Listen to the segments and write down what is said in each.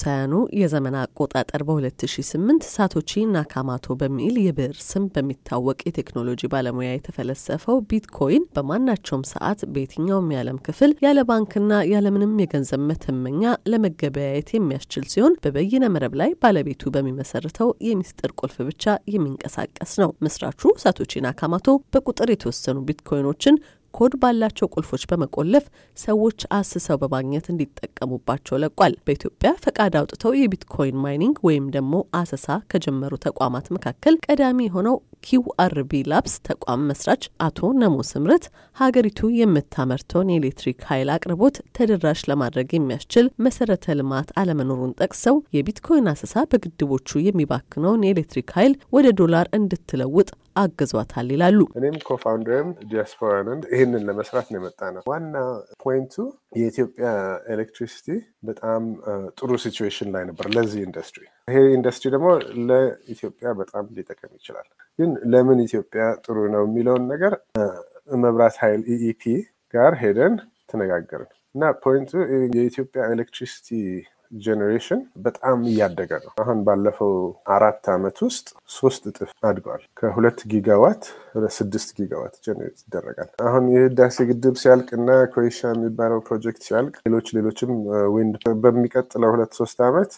ሳያኑ የዘመን አቆጣጠር በ2008 ሳቶቺ ናካማቶ በሚል የብዕር ስም በሚታወቅ የቴክኖሎጂ ባለሙያ የተፈለሰፈው ቢትኮይን በማናቸውም ሰዓት በየትኛውም የዓለም ክፍል ያለ ባንክና ያለምንም የገንዘብ መተመኛ ለመገበያየት የሚያስችል ሲሆን በበይነ መረብ ላይ ባለቤቱ በሚመሰርተው የሚስጥር ቁልፍ ብቻ የሚንቀሳቀስ ነው። መስራቹ ሳቶቺ ናካማቶ በቁጥር የተወሰኑ ቢትኮይኖችን ኮድ ባላቸው ቁልፎች በመቆለፍ ሰዎች አስሰው በማግኘት እንዲጠቀሙባቸው ለቋል። በኢትዮጵያ ፈቃድ አውጥተው የቢትኮይን ማይኒንግ ወይም ደግሞ አሰሳ ከጀመሩ ተቋማት መካከል ቀዳሚ የሆነው ኪውአርቢ ላብስ ተቋም መስራች አቶ ነሞ ስምረት ሀገሪቱ የምታመርተውን የኤሌክትሪክ ኃይል አቅርቦት ተደራሽ ለማድረግ የሚያስችል መሰረተ ልማት አለመኖሩን ጠቅሰው የቢትኮይን አሰሳ በግድቦቹ የሚባክነውን የኤሌክትሪክ ኃይል ወደ ዶላር እንድትለውጥ አግዟታል ይላሉ። እኔም ኮፋውንደርም ዲያስፖራንን ይህንን ለመስራት ነው የመጣ ነው። ዋና ፖይንቱ የኢትዮጵያ ኤሌክትሪሲቲ በጣም ጥሩ ሲትዌሽን ላይ ነበር ለዚህ ኢንዱስትሪ። ይሄ ኢንዱስትሪ ደግሞ ለኢትዮጵያ በጣም ሊጠቀም ይችላል። ግን ለምን ኢትዮጵያ ጥሩ ነው የሚለውን ነገር መብራት ኃይል ኢኢፒ ጋር ሄደን ተነጋገርን እና ፖይንቱ የኢትዮጵያ ኤሌክትሪሲቲ ጄኔሬሽን በጣም እያደገ ነው። አሁን ባለፈው አራት ዓመት ውስጥ ሶስት እጥፍ አድገዋል። ከሁለት ጊጋዋት ወደ ስድስት ጊጋዋት ጄኔሬት ይደረጋል። አሁን የህዳሴ ግድብ ሲያልቅ እና ኮይሻ የሚባለው ፕሮጀክት ሲያልቅ ሌሎች ሌሎችም ዊንድ በሚቀጥለው ሁለት ሶስት ዓመት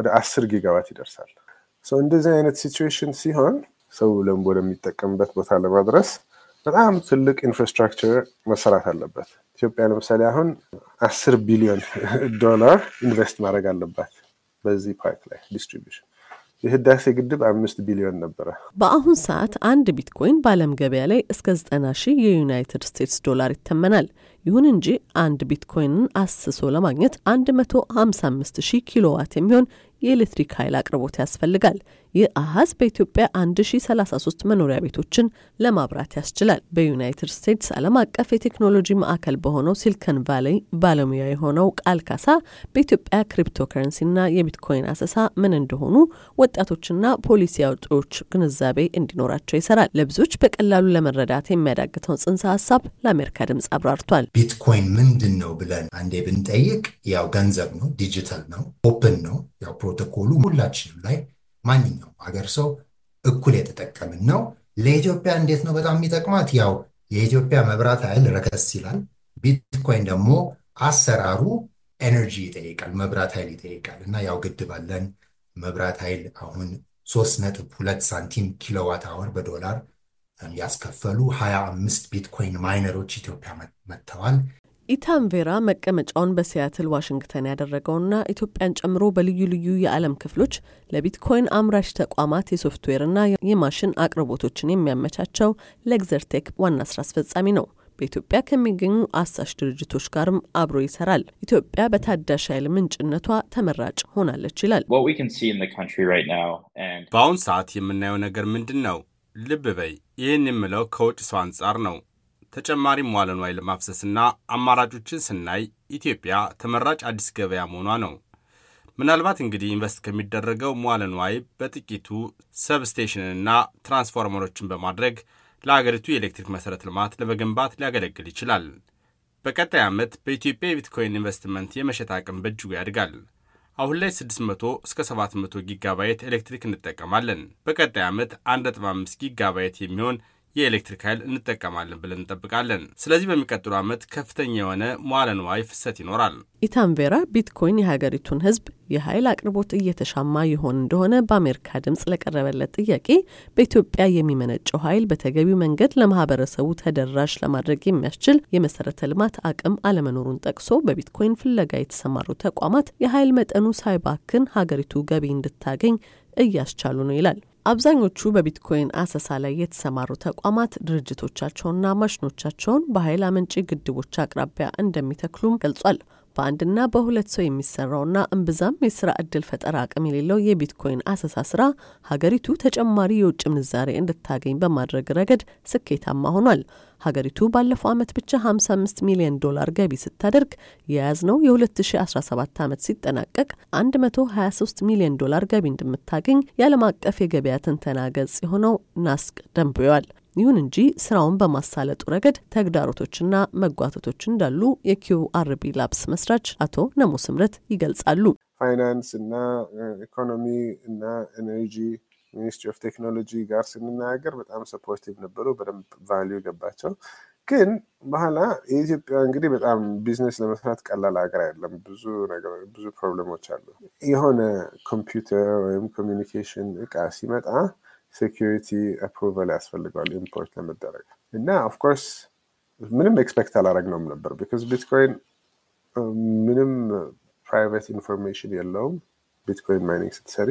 ወደ አስር ጊጋዋት ይደርሳል። እንደዚህ አይነት ሲትዌሽን ሲሆን ሰው ለንቦ ወደሚጠቀምበት ቦታ ለማድረስ በጣም ትልቅ ኢንፍራስትራክቸር መሰራት አለበት። ኢትዮጵያ ለምሳሌ አሁን አስር ቢሊዮን ዶላር ኢንቨስት ማድረግ አለባት በዚህ ፓርክ ላይ ዲስትሪቢሽን የህዳሴ ግድብ አምስት ቢሊዮን ነበረ። በአሁን ሰዓት አንድ ቢትኮይን በአለም ገበያ ላይ እስከ ዘጠና ሺህ የዩናይትድ ስቴትስ ዶላር ይተመናል። ይሁን እንጂ አንድ ቢትኮይንን አስሶ ለማግኘት አንድ መቶ ሀምሳ አምስት ሺህ ኪሎዋት የሚሆን የኤሌክትሪክ ኃይል አቅርቦት ያስፈልጋል። ይህ አሃዝ በኢትዮጵያ 1033 መኖሪያ ቤቶችን ለማብራት ያስችላል። በዩናይትድ ስቴትስ ዓለም አቀፍ የቴክኖሎጂ ማዕከል በሆነው ሲልከን ቫሌይ ባለሙያ የሆነው ቃል ካሳ በኢትዮጵያ ክሪፕቶ የቢትኮይን አሰሳ ምን እንደሆኑ ወጣቶችና ፖሊሲ አውጪዎች ግንዛቤ እንዲኖራቸው ይሰራል። ለብዙዎች በቀላሉ ለመረዳት የሚያዳግተውን ጽንሰ ሀሳብ ለአሜሪካ ድምጽ አብራርቷል። ቢትኮይን ምንድን ነው ብለን አንዴ ብንጠይቅ ያው ገንዘብ ነው፣ ዲጂታል ነው፣ ኦፕን ነው። ያው ፕሮቶኮሉ ሁላችንም ላይ ማንኛውም ሀገር ሰው እኩል የተጠቀምን ነው። ለኢትዮጵያ እንዴት ነው በጣም የሚጠቅማት? ያው የኢትዮጵያ መብራት ኃይል ረከስ ይላል። ቢትኮይን ደግሞ አሰራሩ ኤነርጂ ይጠይቃል፣ መብራት ኃይል ይጠይቃል እና ያው ግድብ አለን። መብራት ኃይል አሁን ሶስት ነጥብ ሁለት ሳንቲም ኪሎዋት አወር በዶላር ያስከፈሉ ሀያ አምስት ቢትኮይን ማይነሮች ኢትዮጵያ መጥተዋል። ኢታን ቬራ መቀመጫውን በሲያትል ዋሽንግተን ያደረገውና ኢትዮጵያን ጨምሮ በልዩ ልዩ የዓለም ክፍሎች ለቢትኮይን አምራች ተቋማት የሶፍትዌርና የማሽን አቅርቦቶችን የሚያመቻቸው ለግዘርቴክ ዋና ስራ አስፈጻሚ ነው። በኢትዮጵያ ከሚገኙ አሳሽ ድርጅቶች ጋርም አብሮ ይሰራል። ኢትዮጵያ በታዳሽ ኃይል ምንጭነቷ ተመራጭ ሆናለች ይላል። በአሁን ሰዓት የምናየው ነገር ምንድን ነው? ልብ በይ፣ ይህን የምለው ከውጭ ሰው አንጻር ነው። ተጨማሪ መዋለ ንዋይ ለማፍሰስና አማራጮችን ስናይ ኢትዮጵያ ተመራጭ አዲስ ገበያ መሆኗ ነው። ምናልባት እንግዲህ ኢንቨስት ከሚደረገው መዋለ ንዋይ በጥቂቱ ሰብስቴሽንንና ትራንስፎርመሮችን በማድረግ ለአገሪቱ የኤሌክትሪክ መሠረተ ልማት ለመገንባት ሊያገለግል ይችላል። በቀጣይ ዓመት በኢትዮጵያ የቢትኮይን ኢንቨስትመንት የመሸጥ አቅም በእጅጉ ያድጋል። አሁን ላይ 600 እስከ 700 ጊጋባይት ኤሌክትሪክ እንጠቀማለን። በቀጣይ ዓመት 1.5 ጊጋባይት የሚሆን የኤሌክትሪክ ኃይል እንጠቀማለን ብለን እንጠብቃለን። ስለዚህ በሚቀጥሉ ዓመት ከፍተኛ የሆነ መዋለ ንዋይ ፍሰት ይኖራል። ኢታንቬራ ቢትኮይን የሀገሪቱን ሕዝብ የኃይል አቅርቦት እየተሻማ ይሆን እንደሆነ በአሜሪካ ድምፅ ለቀረበለት ጥያቄ በኢትዮጵያ የሚመነጨው ኃይል በተገቢው መንገድ ለማህበረሰቡ ተደራሽ ለማድረግ የሚያስችል የመሰረተ ልማት አቅም አለመኖሩን ጠቅሶ በቢትኮይን ፍለጋ የተሰማሩ ተቋማት የኃይል መጠኑ ሳይባክን ሀገሪቱ ገቢ እንድታገኝ እያስቻሉ ነው ይላል። አብዛኞቹ በቢትኮይን አሰሳ ላይ የተሰማሩ ተቋማት ድርጅቶቻቸውና ማሽኖቻቸውን በኃይል አመንጪ ግድቦች አቅራቢያ እንደሚተክሉም ገልጿል። በአንድና በሁለት ሰው የሚሰራውና እምብዛም የስራ እድል ፈጠራ አቅም የሌለው የቢትኮይን አሰሳ ስራ ሀገሪቱ ተጨማሪ የውጭ ምንዛሬ እንድታገኝ በማድረግ ረገድ ስኬታማ ሆኗል። ሀገሪቱ ባለፈው ዓመት ብቻ 55 ሚሊዮን ዶላር ገቢ ስታደርግ የያዝነው የ2017 ዓመት ሲጠናቀቅ 123 ሚሊዮን ዶላር ገቢ እንደምታገኝ የዓለም አቀፍ የገበያ ትንተና ገጽ የሆነው ናስቅ ደንብዋል። ይሁን እንጂ ስራውን በማሳለጡ ረገድ ተግዳሮቶችና መጓተቶች እንዳሉ አርቢ ላብስ መስራች አቶ ነሞ ስምረት ይገልጻሉ። ፋይናንስ እና ኢኮኖሚ እና ኤነርጂ ሚኒስትሪ ኦፍ ቴክኖሎጂ ጋር ስንናገር በጣም ሰፖርቲቭ ነበሩ። በደንብ ቫሊዩ ገባቸው። ግን በኋላ የኢትዮጵያ እንግዲህ በጣም ቢዝነስ ለመስራት ቀላል ሀገር አይደለም። ብዙ ብዙ ፕሮብለሞች አሉ። የሆነ ኮምፒውተር ወይም ኮሚኒኬሽን እቃ ሲመጣ ሴኪሪቲ አፕሩቫል ያስፈልገዋል ኢምፖርት ለመደረግ እና ኦፍኮርስ ምንም ኤክስፔክት ነውም ነበር ቢካዝ ቢትኮይን ምንም ፕራይቬት ኢንፎርሜሽን የለውም ቢትኮይን ማይኒንግ ስትሰሪ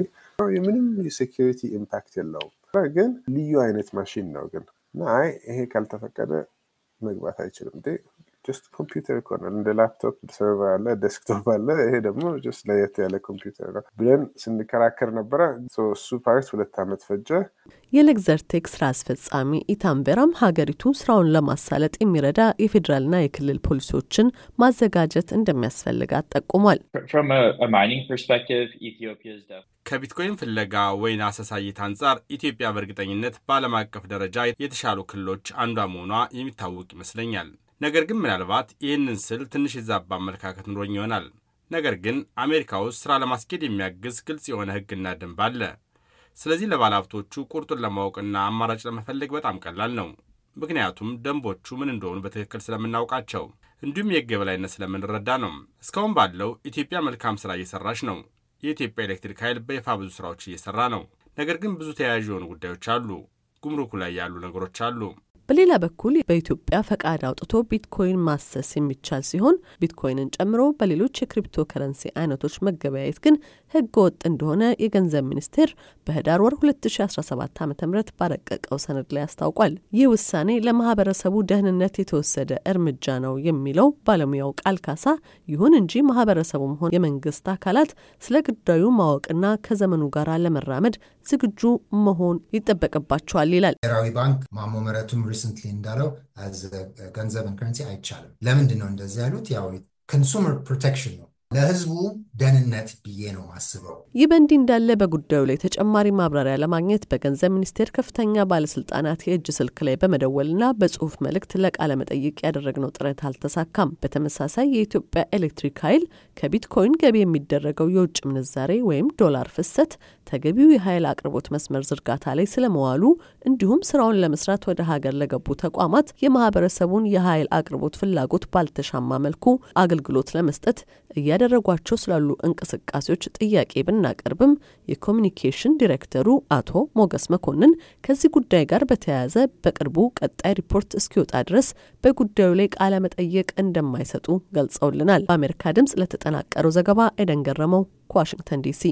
የምንም የሴኪሪቲ ኢምፓክት የለውም። ግን ልዩ አይነት ማሽን ነው ግን እና አይ ይሄ ካልተፈቀደ መግባት አይችልም ጀስት ኮምፒውተር እኮ ነው። እንደ ላፕቶፕ ሰርቨር አለ፣ ደስክቶፕ አለ። ይሄ ደግሞ ጀስት ለየት ያለ ኮምፒውተር ነው ብለን ስንከራከር ነበረ። እሱ ፓርት ሁለት ዓመት ፈጀ። የለግዘርቴክ ስራ አስፈጻሚ ኢታምቤራም ሀገሪቱ ስራውን ለማሳለጥ የሚረዳ የፌዴራልና የክልል ፖሊሲዎችን ማዘጋጀት እንደሚያስፈልጋት ጠቁሟል። ከቢትኮይን ፍለጋ ወይን አሰሳይት አንጻር ኢትዮጵያ በእርግጠኝነት በዓለም አቀፍ ደረጃ የተሻሉ ክልሎች አንዷ መሆኗ የሚታወቅ ይመስለኛል። ነገር ግን ምናልባት ይህንን ስል ትንሽ የዛባ አመለካከት ኑሮኝ ይሆናል። ነገር ግን አሜሪካ ውስጥ ሥራ ለማስኬድ የሚያግዝ ግልጽ የሆነ ሕግና ደንብ አለ። ስለዚህ ለባለሀብቶቹ ቁርጡን ለማወቅና አማራጭ ለመፈለግ በጣም ቀላል ነው። ምክንያቱም ደንቦቹ ምን እንደሆኑ በትክክል ስለምናውቃቸው እንዲሁም የሕግ የበላይነት ስለምንረዳ ነው። እስካሁን ባለው ኢትዮጵያ መልካም ሥራ እየሰራች ነው። የኢትዮጵያ ኤሌክትሪክ ኃይል በይፋ ብዙ ሥራዎች እየሰራ ነው። ነገር ግን ብዙ ተያያዥ የሆኑ ጉዳዮች አሉ። ጉምሩኩ ላይ ያሉ ነገሮች አሉ። በሌላ በኩል በኢትዮጵያ ፈቃድ አውጥቶ ቢትኮይን ማሰስ የሚቻል ሲሆን ቢትኮይንን ጨምሮ በሌሎች የክሪፕቶ ከረንሲ አይነቶች መገበያየት ግን ህገ ወጥ እንደሆነ የገንዘብ ሚኒስቴር በህዳር ወር 2017 ዓ ም ባረቀቀው ሰነድ ላይ አስታውቋል። ይህ ውሳኔ ለማህበረሰቡ ደህንነት የተወሰደ እርምጃ ነው የሚለው ባለሙያው ቃል ካሳ፣ ይሁን እንጂ ማህበረሰቡም ሆነ የመንግስት አካላት ስለ ጉዳዩ ማወቅና ከዘመኑ ጋር ለመራመድ ዝግጁ መሆን ይጠበቅባቸዋል ይላል። ብሔራዊ ባንክ ማሞ ሪሰንትሊ እንዳለው ገንዘብን ከረንሲ አይቻልም። ለምንድን ነው እንደዚህ ያሉት? ያው ኮንሱመር ፕሮቴክሽን ነው ለህዝቡ ደህንነት ብዬ ነው ማስበው። ይህ በእንዲህ እንዳለ በጉዳዩ ላይ ተጨማሪ ማብራሪያ ለማግኘት በገንዘብ ሚኒስቴር ከፍተኛ ባለስልጣናት የእጅ ስልክ ላይ በመደወልና በጽሁፍ መልእክት ለቃለ መጠይቅ ያደረግነው ጥረት አልተሳካም። በተመሳሳይ የኢትዮጵያ ኤሌክትሪክ ኃይል ከቢትኮይን ገቢ የሚደረገው የውጭ ምንዛሬ ወይም ዶላር ፍሰት ተገቢው የኃይል አቅርቦት መስመር ዝርጋታ ላይ ስለመዋሉ እንዲሁም ስራውን ለመስራት ወደ ሀገር ለገቡ ተቋማት የማህበረሰቡን የኃይል አቅርቦት ፍላጎት ባልተሻማ መልኩ አገልግሎት ለመስጠት እያደ እያደረጓቸው ስላሉ እንቅስቃሴዎች ጥያቄ ብናቀርብም የኮሚኒኬሽን ዲሬክተሩ አቶ ሞገስ መኮንን ከዚህ ጉዳይ ጋር በተያያዘ በቅርቡ ቀጣይ ሪፖርት እስኪወጣ ድረስ በጉዳዩ ላይ ቃለ መጠየቅ እንደማይሰጡ ገልጸውልናል። በአሜሪካ ድምጽ ለተጠናቀረው ዘገባ ኤደን ገረመው ከዋሽንግተን ዲሲ